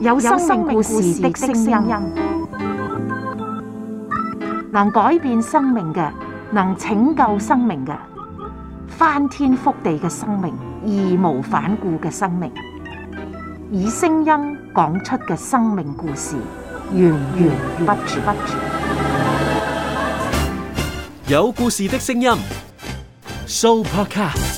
有生命故事的聲音，能改變生命嘅，能拯救生命嘅，翻天覆地嘅生命，義無反顧嘅生命，以聲音講出嘅生命故事，源源不絕。有故事的聲音，Soupercast。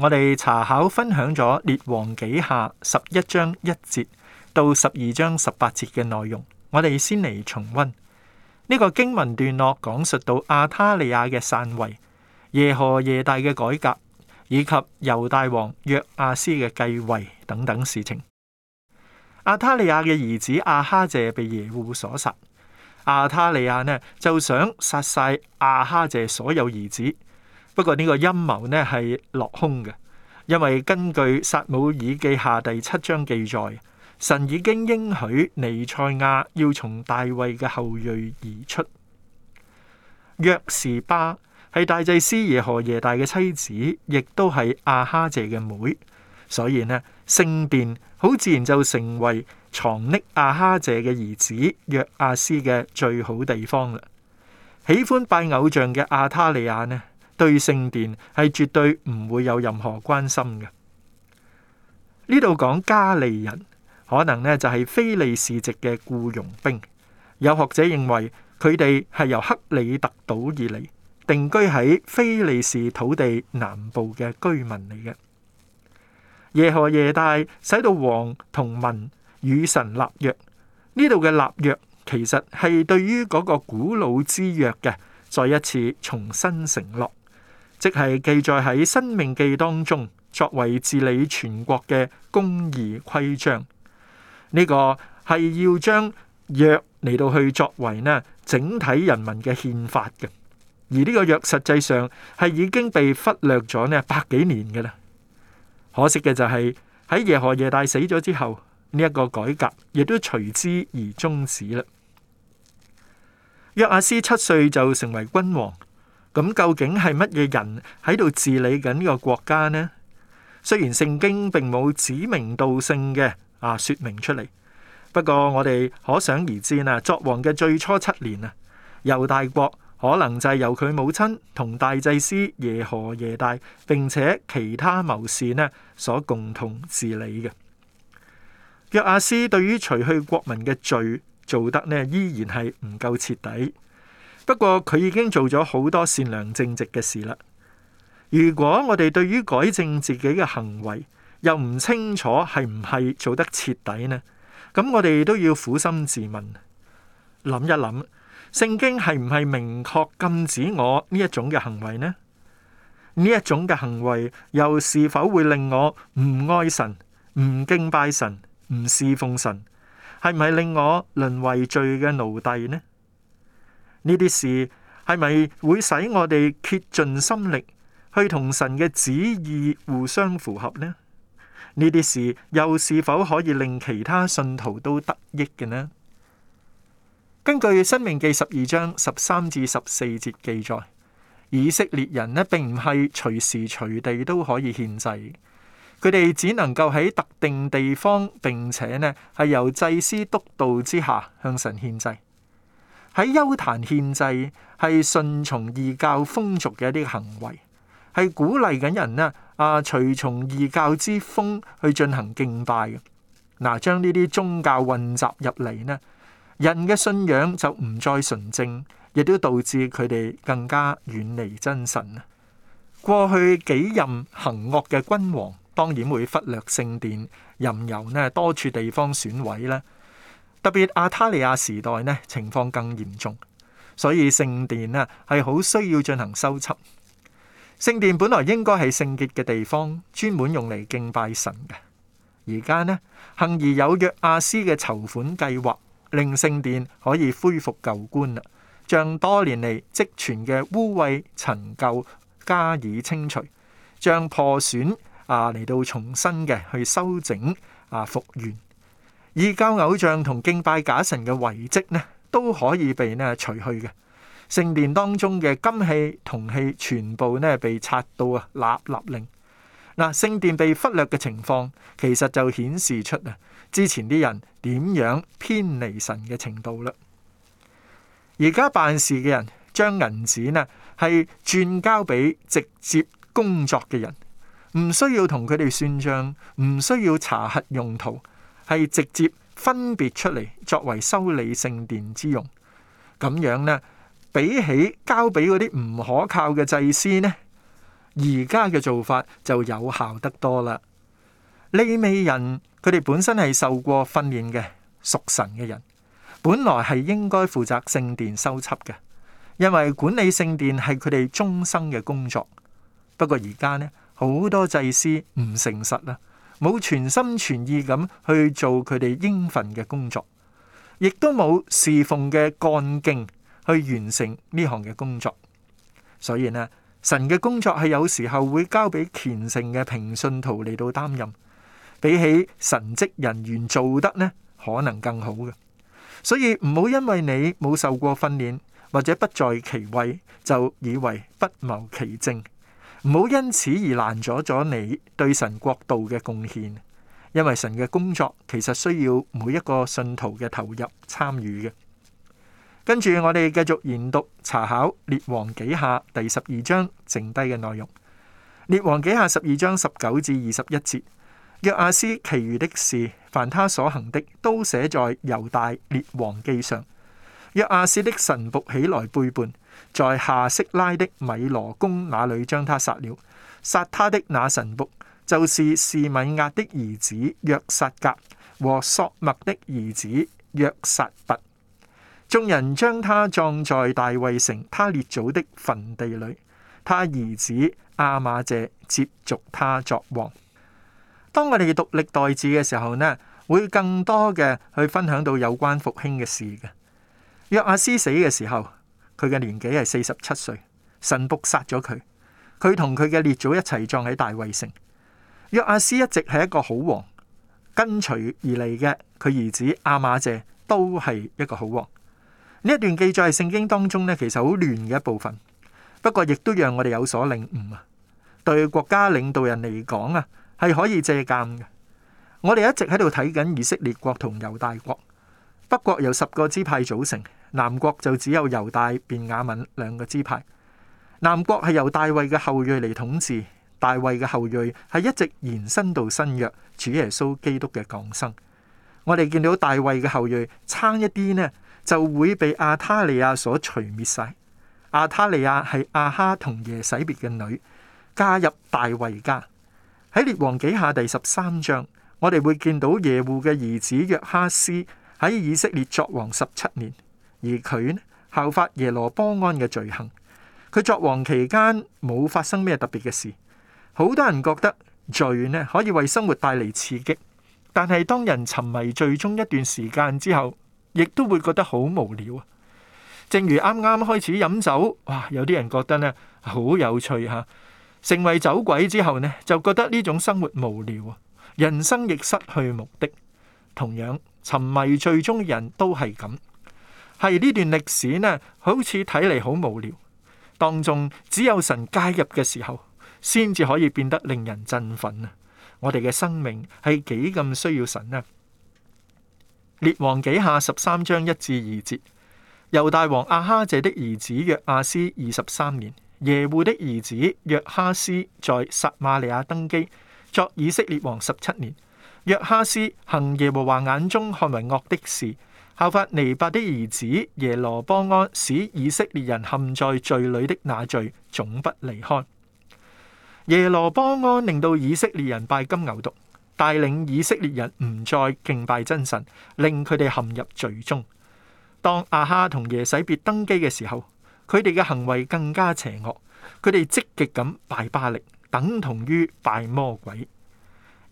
我哋查考分享咗列王紀下十一章一節到十二章十八節嘅內容，我哋先嚟重温呢、這個經文段落，講述到亞他利亞嘅散位、耶何耶大嘅改革，以及猶大王約阿斯嘅繼位等等事情。亞他利亞嘅兒子亞哈謝被耶戶所殺，亞他利亞呢就想殺晒亞哈謝所有兒子。不過呢個陰謀呢係落空嘅，因為根據撒母耳記下第七章記載，神已經應許尼賽亞要從大衛嘅後裔而出。約士巴係大祭司耶何耶大嘅妻子，亦都係亞哈謝嘅妹，所以呢聖殿好自然就成為藏匿亞哈謝嘅兒子約阿斯嘅最好地方啦。喜歡拜偶像嘅亞他利亞呢，對聖殿係絕對唔會有任何關心嘅。呢度講加利人可能咧就係非利士籍嘅僱傭兵。有學者認為佢哋係由克里特島而嚟定居喺非利士土地南部嘅居民嚟嘅。耶何耶大使到王同民與神立約。呢度嘅立約其實係對於嗰個古老之約嘅再一次重新承諾。即係記載喺《申命記》當中，作為治理全國嘅公義規章。呢、這個係要將約嚟到去作為呢整體人民嘅憲法嘅。而呢個約實際上係已經被忽略咗呢百幾年嘅啦。可惜嘅就係、是、喺耶何耶大死咗之後，呢、這、一個改革亦都隨之而終止啦。約阿斯七歲就成為君王。咁究竟係乜嘢人喺度治理緊呢個國家呢？雖然聖經並冇指名道姓嘅啊說明出嚟，不過我哋可想而知啊，作王嘅最初七年啊，猶大國可能就係由佢母親同大祭司耶何耶大，並且其他謀士呢所共同治理嘅。約阿斯對於除去國民嘅罪做得呢，依然係唔夠徹底。不過佢已經做咗好多善良正直嘅事啦。如果我哋對於改正自己嘅行為又唔清楚係唔係做得徹底呢？咁我哋都要苦心自問，諗一諗聖經係唔係明確禁止我呢一種嘅行為呢？呢一種嘅行為又是否會令我唔愛神、唔敬拜神、唔侍奉神？係唔係令我淪為罪嘅奴隸呢？呢啲事係咪會使我哋竭盡心力去同神嘅旨意互相符合呢？呢啲事又是否可以令其他信徒都得益嘅呢？根據《申命記》十二章十三至十四節記載，以色列人呢並唔係隨時隨地都可以獻祭，佢哋只能夠喺特定地方，並且呢係由祭司督導之下向神獻祭。喺丘壇獻祭，係順從異教風俗嘅一啲行為，係鼓勵緊人咧啊隨從異教之風去進行敬拜嘅。嗱，將呢啲宗教混雜入嚟咧，人嘅信仰就唔再純正，亦都導致佢哋更加遠離真神。過去幾任行惡嘅君王，當然會忽略聖殿，任由咧多處地方損毀咧。特別阿塔利亞時代呢，情況更嚴重，所以聖殿呢係好需要進行修葺。聖殿本來應該係聖潔嘅地方，專門用嚟敬拜神嘅。而家呢，幸而有約阿斯嘅籌款計劃，令聖殿可以恢復舊觀啦，將多年嚟積存嘅污穢塵垢加以清除，將破損啊嚟到重新嘅去修整啊復原。異教偶像同敬拜假神嘅遺跡呢，都可以被呢除去嘅。聖殿當中嘅金器、銅器，全部呢，被拆到啊，立立令。嗱、呃，聖殿被忽略嘅情況，其實就顯示出啊，之前啲人點樣偏離神嘅程度啦。而家辦事嘅人，將銀紙呢，係轉交俾直接工作嘅人，唔需要同佢哋算賬，唔需要查核用途。係直接分別出嚟作為修理聖殿之用，咁樣呢，比起交俾嗰啲唔可靠嘅祭司呢，而家嘅做法就有效得多啦。利未人佢哋本身係受過訓練嘅屬神嘅人，本來係應該負責聖殿修葺嘅，因為管理聖殿係佢哋終生嘅工作。不過而家呢，好多祭司唔誠實啦。冇全心全意咁去做佢哋應份嘅工作，亦都冇侍奉嘅幹勁去完成呢項嘅工作。所以呢，神嘅工作係有時候會交俾虔誠嘅平信徒嚟到擔任，比起神職人員做得呢，可能更好嘅。所以唔好因為你冇受過訓練，或者不在其位，就以為不謀其政。唔好因此而攔阻咗你對神國度嘅貢獻，因為神嘅工作其實需要每一個信徒嘅投入參與嘅。跟住我哋繼續研讀查考列王紀下第十二章剩低嘅內容。列王紀下十二章十九至二十一節，約亞斯其餘的事，凡他所行的，都寫在猶大列王記上。約亞斯的臣僕起來背叛。在下色拉的米羅宮那裏將他殺了。殺他的那神僕就是士米亞的兒子約撒格和索麥的兒子約撒拔。眾人將他葬在大衛城他列祖的墳地裏。他兒子阿馬謝接續他作王。當我哋讀歷代志嘅時候呢，會更多嘅去分享到有關復興嘅事嘅。約阿斯死嘅時候。佢嘅年紀係四十七歲，神僕殺咗佢，佢同佢嘅列祖一齊葬喺大衛城。約阿斯一直係一個好王，跟隨而嚟嘅佢兒子亞瑪謝都係一個好王。呢一段記載係聖經當中咧，其實好亂嘅一部分，不過亦都讓我哋有所領悟啊。對國家領導人嚟講啊，係可以借鑒嘅。我哋一直喺度睇緊以色列國同猶大國，北國由十個支派組成。南國就只有猶大、便雅敏兩個支派。南國係由大衛嘅後裔嚟統治，大衛嘅後裔係一直延伸到新約主耶穌基督嘅降生。我哋見到大衛嘅後裔差一啲呢，就會被亞他利亞所除滅晒。亞他利亞係亞哈同耶洗別嘅女，加入大衛家喺列王紀下第十三章。我哋會見到耶戶嘅兒子約哈斯喺以色列作王十七年。而佢呢，效法耶羅波安嘅罪行，佢作王期間冇發生咩特別嘅事。好多人覺得罪呢，可以為生活帶嚟刺激，但係當人沉迷罪中一段時間之後，亦都會覺得好無聊啊。正如啱啱開始飲酒，哇，有啲人覺得呢好有趣吓啊，成為酒鬼之後呢，就覺得呢種生活無聊啊，人生亦失去目的。同樣沉迷罪中嘅人都係咁。係呢段歷史呢，好似睇嚟好無聊。當中只有神介入嘅時候，先至可以變得令人振奮啊！我哋嘅生命係幾咁需要神呢？列王記下十三章一至二節：猶大王阿哈謝的兒子約阿斯二十三年，耶戶的兒子約哈斯在撒瑪利亞登基，作以色列王十七年。約哈斯行耶和華眼中看為惡的事。效法尼伯的兒子耶羅波安，使以色列人陷在罪裏的那罪總不離開。耶羅波安令到以色列人拜金牛犢，帶領以色列人唔再敬拜真神，令佢哋陷入罪中。當亞哈同耶洗別登基嘅時候，佢哋嘅行為更加邪惡，佢哋積極咁拜巴力，等同於拜魔鬼。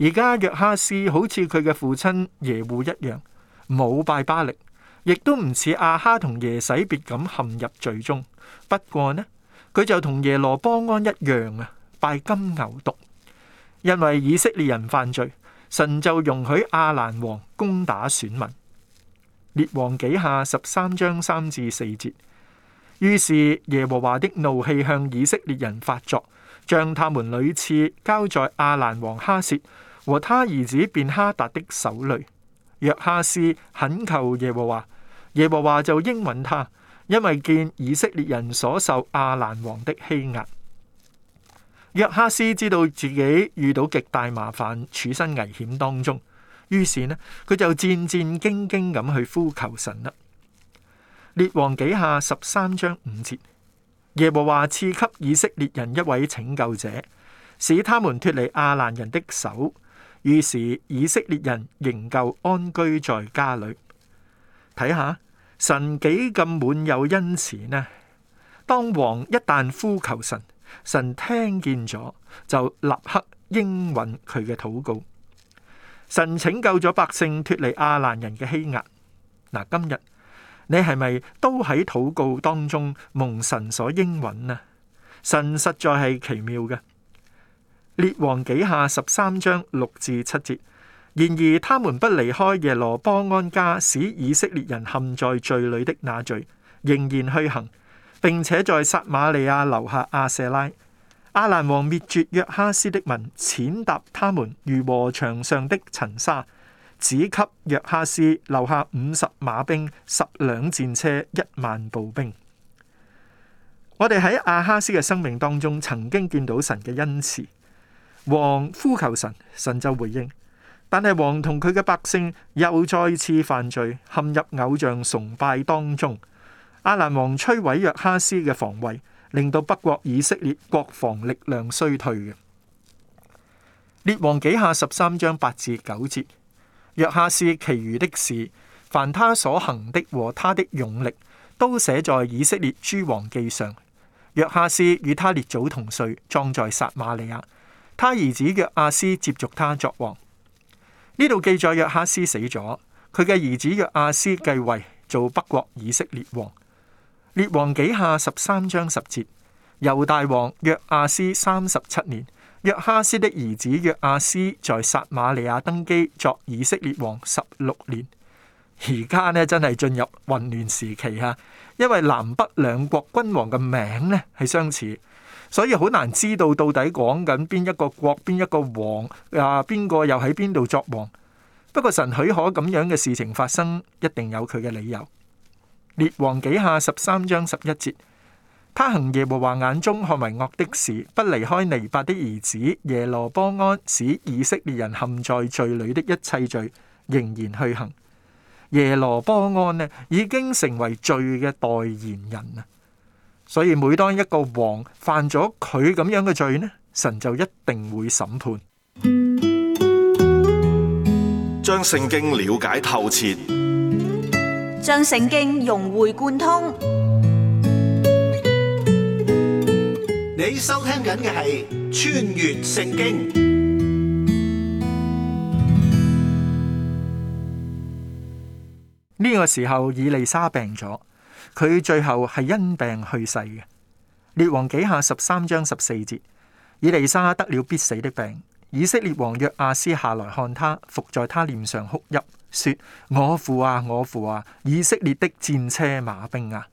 而家約哈斯好似佢嘅父親耶戶一樣。冇拜巴力，亦都唔似阿哈同耶洗別咁陷入罪中。不過呢，佢就同耶羅波安一樣啊，拜金牛犢。因為以色列人犯罪，神就容許阿蘭王攻打選民。列王紀下十三章三至四節。於是耶和華的怒氣向以色列人發作，將他們屢次交在阿蘭王哈薛和他兒子便哈達的手裏。約哈斯懇求耶和華，耶和華就應允他，因為見以色列人所受亞蘭王的欺壓。約哈斯知道自己遇到極大麻煩，處身危險當中，於是呢，佢就戰戰兢兢咁去呼求神啦。列王紀下十三章五節，耶和華賜給以色列人一位拯救者，使他們脫離亞蘭人的手。於是以色列人仍舊安居在家裏。睇下，神幾咁滿有恩慈呢？當王一旦呼求神，神聽見咗就立刻應允佢嘅禱告。神拯救咗百姓脫離亞蘭人嘅欺壓。嗱，今日你係咪都喺禱告當中蒙神所應允呢？神實在係奇妙嘅。列王紀下十三章六至七節，然而他們不離開耶羅波安家，使以色列人陷在罪裏的那罪，仍然去行，並且在撒瑪利亞留下亞舍拉。亞蘭王滅絕約哈斯的民，踐踏他們如和場上的塵沙，只給約哈斯留下五十馬兵，十輛戰車，一萬步兵。我哋喺阿哈斯嘅生命當中，曾經見到神嘅恩慈。王呼求神，神就回應。但係王同佢嘅百姓又再次犯罪，陷入偶像崇拜當中。亞蘭王摧毀約哈斯嘅防衛，令到北國以色列國防力量衰退嘅。列王記下十三章八至九節。約哈斯其餘的事，凡他所行的和他的勇力，都寫在以色列諸王記上。約哈斯與他列祖同睡，葬在撒馬利亞。他兒子約阿斯接續他作王。呢度記載約哈斯死咗，佢嘅兒子約阿斯繼位做北國以色列王。列王紀下十三章十節，猶大王約阿斯三十七年，約哈斯的兒子約阿斯在撒瑪利亞登基作以色列王十六年。而家呢，真係進入混亂時期啊，因為南北兩國君王嘅名呢，係相似。所以好難知道到底講緊邊一個國邊一個王啊，邊個又喺邊度作王？不過神許可咁樣嘅事情發生，一定有佢嘅理由。列王紀下十三章十一節，他行耶和華眼中看為惡的事，不離開尼八的兒子耶羅波安，使以色列人陷在罪裏的一切罪，仍然去行。耶羅波安呢，已經成為罪嘅代言人啊！所以，每當一個王犯咗佢咁樣嘅罪呢，神就一定會審判。將聖經了解透徹，將聖經融會貫通。你收聽緊嘅係《穿越聖經》。呢個時候，以利沙病咗。佢最後係因病去世嘅。列王紀下十三章十四節，以利沙得了必死的病。以色列王約阿斯下來看他，伏在他臉上哭泣，說：我父啊，我父啊！以色列的戰車馬兵啊。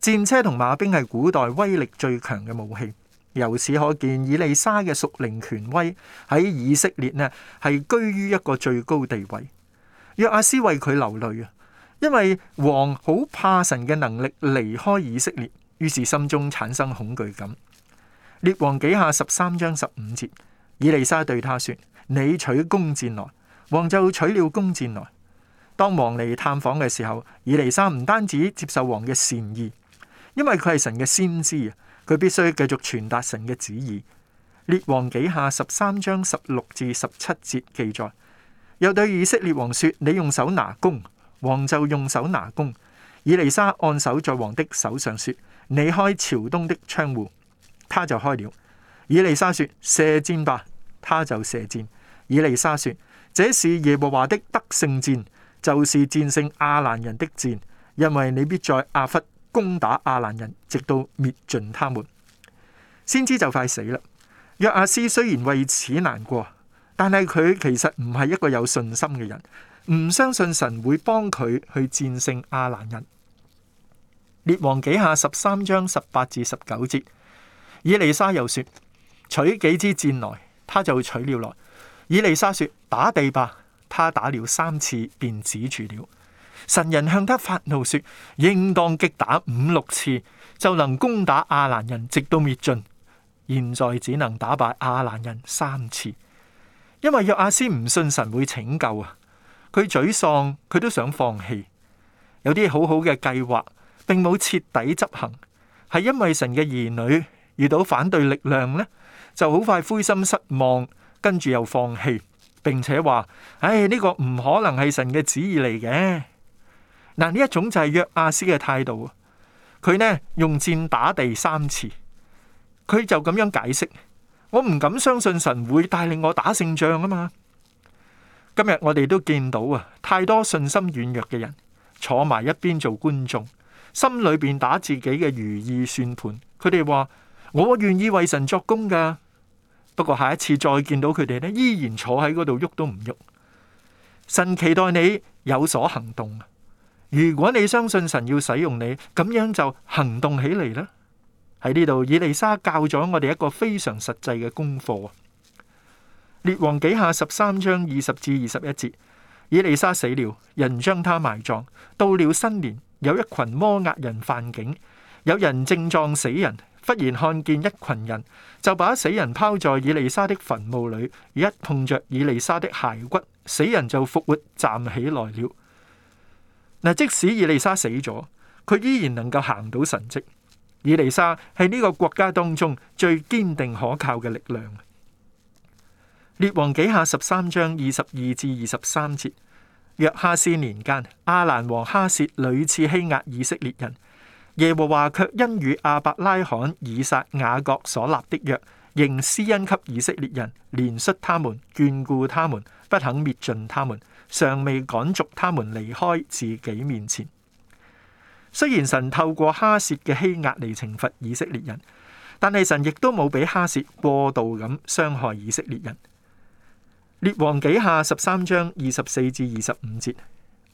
戰車同馬兵係古代威力最強嘅武器。由此可見，以利沙嘅屬靈權威喺以色列呢，係居於一個最高地位。約阿斯為佢流淚啊。因為王好怕神嘅能力離開以色列，於是心中產生恐懼感。列王紀下十三章十五節，以利沙對他說：你取弓箭來，王就取了弓箭來。當王嚟探訪嘅時候，以利沙唔單止接受王嘅善意，因為佢係神嘅先知啊，佢必須繼續傳達神嘅旨意。列王紀下十三章十六至十七節記載，又對以色列王說：你用手拿弓。王就用手拿弓，以利沙按手在王的手上說：你開朝東的窗戶，他就開了。以利沙說：射箭吧，他就射箭。以利沙說：這是耶和華的得勝箭，就是戰勝亞蘭人的箭，因為你必在亞弗攻打亞蘭人，直到滅盡他們。先知就快死啦。約阿斯雖然為此難過，但係佢其實唔係一個有信心嘅人。唔相信神會幫佢去戰勝亞蘭人。列王紀下十三章十八至十九節，以利沙又說：取幾支箭來，他就取了來。以利沙說：打地吧，他打了三次便止住了。神人向他發怒說：應當擊打五六次，就能攻打亞蘭人，直到滅盡。現在只能打敗亞蘭人三次，因為約阿斯唔信神會拯救啊。佢沮喪，佢都想放棄，有啲好好嘅計劃，並冇徹底執行，係因為神嘅兒女遇到反對力量呢，就好快灰心失望，跟住又放棄，並且話：唉，呢個唔可能係神嘅旨意嚟嘅。嗱，呢一種就係約阿斯嘅態度。佢呢，用箭打地三次，佢就咁樣解釋：我唔敢相信神會帶領我打勝仗啊嘛。今日我哋都見到啊，太多信心軟弱嘅人坐埋一邊做觀眾，心裏邊打自己嘅如意算盤。佢哋話，我願意為神作工噶不過下一次再見到佢哋呢，依然坐喺嗰度喐都唔喐。神期待你有所行動。如果你相信神要使用你，咁樣就行動起嚟啦。喺呢度，以利沙教咗我哋一個非常實際嘅功課。.列王紀下十三章二十至二十一節，以利沙死了，人將他埋葬。到了新年，有一群摩押人犯境，有人正葬死人，忽然看見一群人，就把死人拋在以利沙的墳墓裏，一碰着以利沙的骸骨，死人就復活站起來了。嗱，即使以利沙死咗，佢依然能夠行到神蹟。以利沙係呢個國家當中最堅定可靠嘅力量。列王紀下十三章二十二至二十三節：約哈斯年間，亞蘭王哈涉屢次欺壓以色列人。耶和華卻因與亞伯拉罕、以撒、雅各所立的約，仍施恩給以色列人，憐恤他們，眷顧他們，不肯滅盡他們，尚未趕逐他們離開自己面前。雖然神透過哈涉嘅欺壓嚟懲罰以色列人，但係神亦都冇俾哈涉過度咁傷害以色列人。列王紀下十三章二十四至二十五節：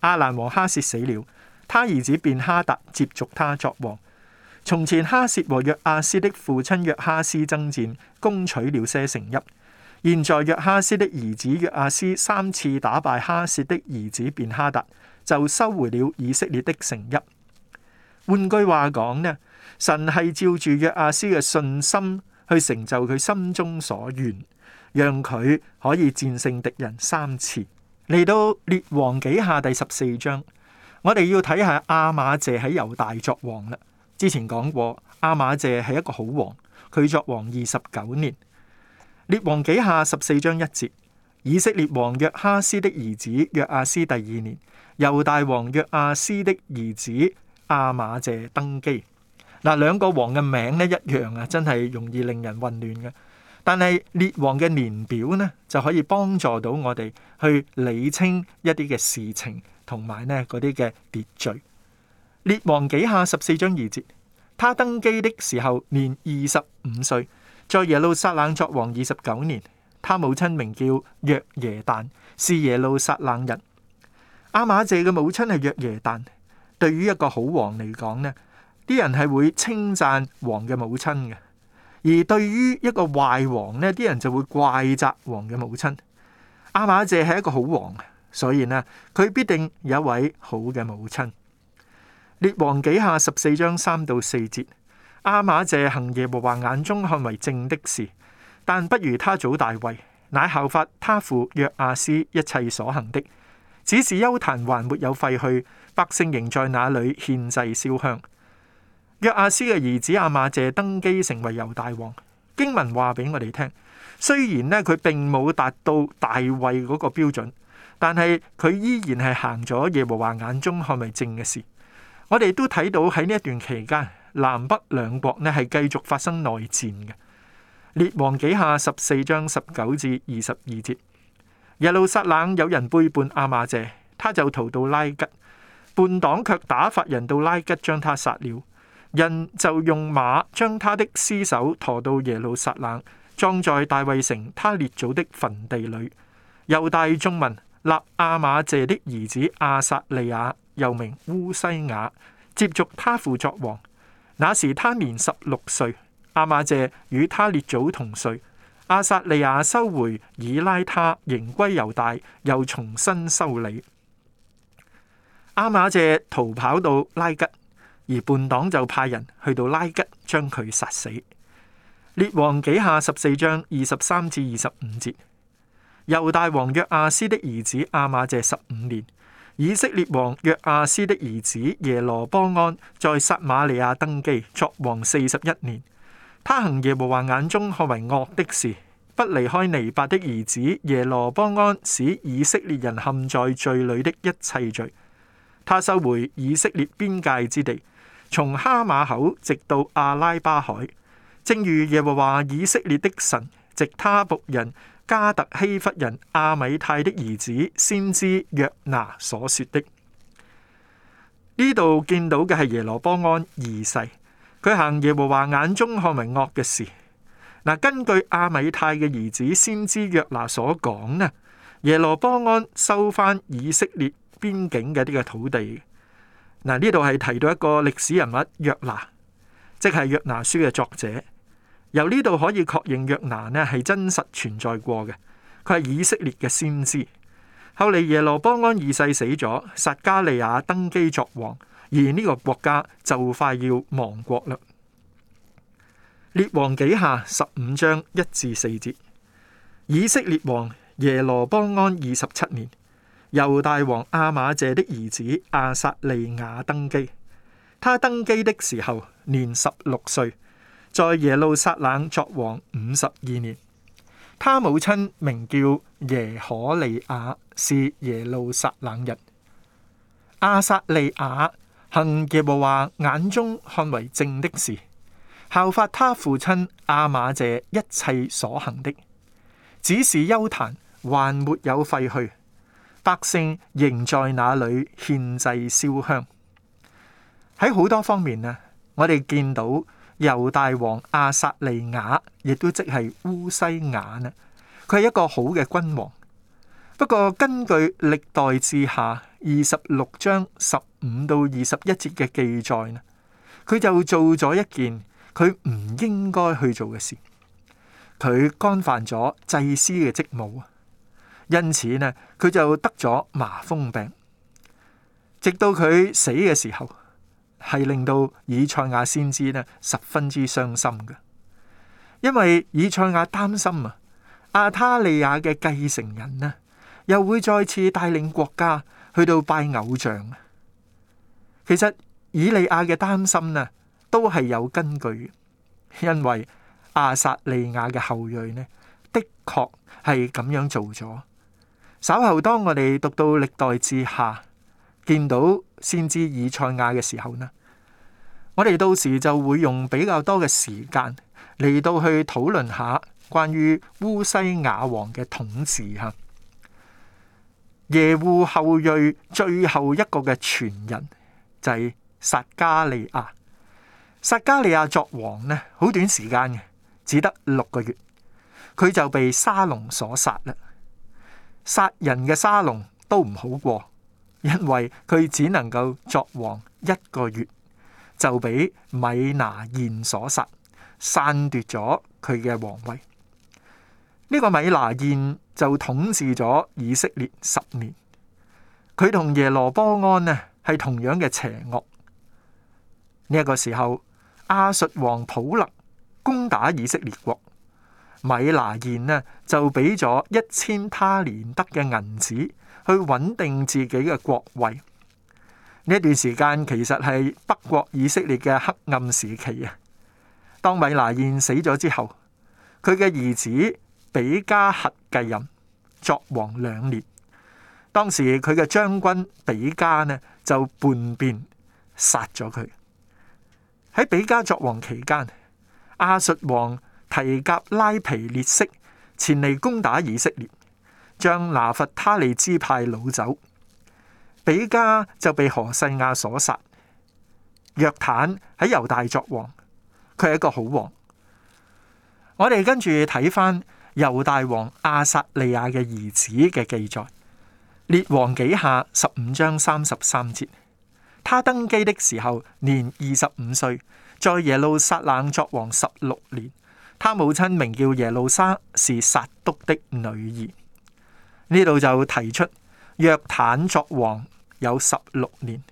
阿蘭王哈薛死了，他兒子便哈達接續他作王。從前哈薛和約亞斯的父親約哈斯爭戰，攻取了些城邑。現在約哈斯的兒子約亞斯三次打敗哈薛的兒子便哈達，就收回了以色列的城邑。換句話講呢，神係照住約亞斯嘅信心去成就佢心中所願。讓佢可以戰勝敵人三次。嚟到列王紀下第十四章，我哋要睇下亞瑪謝喺猶大作王啦。之前講過，亞瑪謝係一個好王，佢作王二十九年。列王紀下十四章一節，以色列王約哈斯的兒子約阿斯第二年，猶大王約阿斯的兒子亞瑪謝登基。嗱，兩個王嘅名咧一樣啊，真係容易令人混亂嘅。但係列王嘅年表呢，就可以幫助到我哋去理清一啲嘅事情，同埋呢嗰啲嘅秩序。列王紀下十四章二節，他登基的時候年二十五歲，在耶路撒冷作王二十九年。他母親名叫約耶旦，是耶路撒冷人。阿瑪謝嘅母親係約耶旦。對於一個好王嚟講呢，啲人係會稱讚王嘅母親嘅。而對於一個壞王呢，啲人就會怪責王嘅母親。亞瑪謝係一個好王，所以呢，佢必定有一位好嘅母親。列王紀下十四章三到四節：亞瑪謝行耶和華眼中看為正的事，但不如他祖大衛，乃效法他父約阿斯一切所行的。只是邱壇還沒有廢去，百姓仍在那裏獻祭燒香。約阿斯嘅兒子阿馬謝登基成為猶大王。經文話俾我哋聽，雖然咧佢並冇達到大衛嗰個標準，但係佢依然係行咗耶和華眼中看為正嘅事。我哋都睇到喺呢一段期間，南北兩國呢係繼續發生內戰嘅。列王紀下十四章十九至二十二節：耶路撒冷有人背叛阿馬謝，他就逃到拉吉，叛黨卻打發人到拉吉將他殺了。人就用馬將他的屍首馱到耶路撒冷，葬在大衛城他列祖的墳地裏。猶大眾民立亞瑪謝的兒子亞撒利雅，又名烏西雅，接續他父作王。那時他年十六歲，亞瑪謝與他列祖同歲。亞撒利雅收回以拉他，仍歸猶大，又重新修理。亞瑪謝逃跑到拉吉。而叛黨就派人去到拉吉將佢殺死。列王記下十四章二十三至二十五節，猶大王約阿斯的兒子亞瑪謝十五年，以色列王約阿斯的兒子耶羅波安在撒馬利亞登基作王四十一年。他行耶和華眼中看為惡的事，不離開尼八的兒子耶羅波安，使以色列人陷在罪裏的一切罪。他收回以色列邊界之地。從哈馬口直到亞拉巴海，正如耶和華以色列的神，藉他僕人加特希弗人亞米太的兒子先知約拿所說的。呢度見到嘅係耶羅波安二世，佢行耶和華眼中看為惡嘅事。嗱，根據亞米太嘅兒子先知約拿所講呢，耶羅波安收翻以色列邊境嘅呢個土地。嗱，呢度係提到一個歷史人物約拿，即係約拿書嘅作者。由呢度可以確認約拿呢係真實存在過嘅，佢係以色列嘅先知。後嚟耶羅波安二世死咗，撒迦利亞登基作王，而呢個國家就快要亡國啦。列王紀下十五章一至四節，以色列王耶羅波安二十七年。猶大王亞瑪謝的兒子亞薩利雅登基，他登基的時候年十六歲，在耶路撒冷作王五十二年。他母親名叫耶可利亞，是耶路撒冷人。亞薩利雅行耶和華眼中看為正的事，效法他父親亞瑪謝一切所行的，只是邱壇還沒有廢去。百姓仍在那裏獻祭燒香。喺好多方面呢，我哋見到猶大王亞撒利雅，亦都即係烏西雅呢，佢係一個好嘅君王。不過根據歷代志下二十六章十五到二十一節嘅記載呢，佢就做咗一件佢唔應該去做嘅事，佢干犯咗祭司嘅職務。因此呢，佢就得咗麻風病，直到佢死嘅時候，係令到以賽亞先知呢十分之傷心嘅，因為以賽亞擔心啊，亞他利亞嘅繼承人呢，又會再次帶領國家去到拜偶像。其實以利亞嘅擔心呢，都係有根據，因為亞撒利亞嘅後裔呢，的確係咁樣做咗。稍後當我哋讀到歷代志下，見到先知以賽亞嘅時候呢，我哋到時就會用比較多嘅時間嚟到去討論下關於烏西亞王嘅統治吓。耶戶後裔最後一個嘅傳人就係、是、撒加利亞，撒加利亞作王呢好短時間嘅，只得六個月，佢就被沙龍所殺啦。殺人嘅沙龍都唔好過，因為佢只能夠作王一個月，就俾米拿燕所殺，散奪咗佢嘅皇位。呢、這個米拿燕就統治咗以色列十年，佢同耶羅波安呢係同樣嘅邪惡。呢、這、一個時候，亞述王普勒攻打以色列國。米拿現呢就俾咗一千他連德嘅銀子去穩定自己嘅國位。呢段時間其實係北國以色列嘅黑暗時期啊。當米拿現死咗之後，佢嘅兒子比加轄繼任作王兩年。當時佢嘅將軍比加呢就叛變殺咗佢。喺比加作王期間，亞述王提甲拉皮列色前嚟攻打以色列，將拿弗他利支派擄走。比加就被何細亞所殺。約坦喺猶大作王，佢係一個好王。我哋跟住睇返猶大王阿撒利亞嘅兒子嘅記載，列王紀下十五章三十三節。他登基的時候年二十五歲，在耶路撒冷作王十六年。他母親名叫耶路撒，是撒督的女兒。呢度就提出約坦作王有十六年，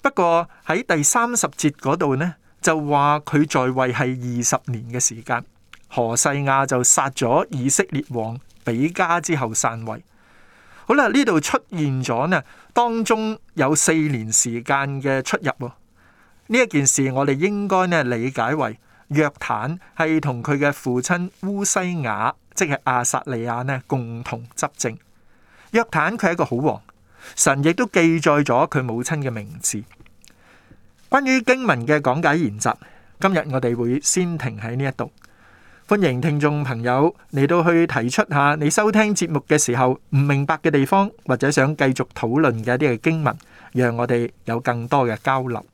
不過喺第三十節嗰度呢，就話佢在位係二十年嘅時間。何細亞就殺咗以色列王比加之後，篡位。好啦，呢度出現咗呢當中有四年時間嘅出入。呢一件事我哋應該呢理解為。約坦係同佢嘅父親烏西雅，即係阿撒利亞呢，共同執政。約坦佢係一個好王，神亦都記載咗佢母親嘅名字。關於經文嘅講解研習，今日我哋會先停喺呢一度。歡迎聽眾朋友嚟到去提出下你收聽節目嘅時候唔明白嘅地方，或者想繼續討論嘅一啲嘅經文，讓我哋有更多嘅交流。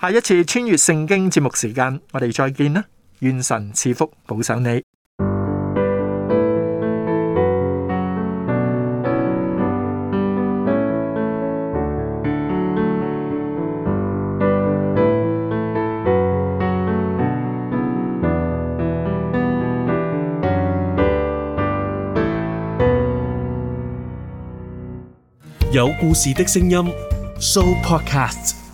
下一次穿越聖經節目時間，我哋再見啦！願神賜福保守你。有故事的聲音，Show Podcast。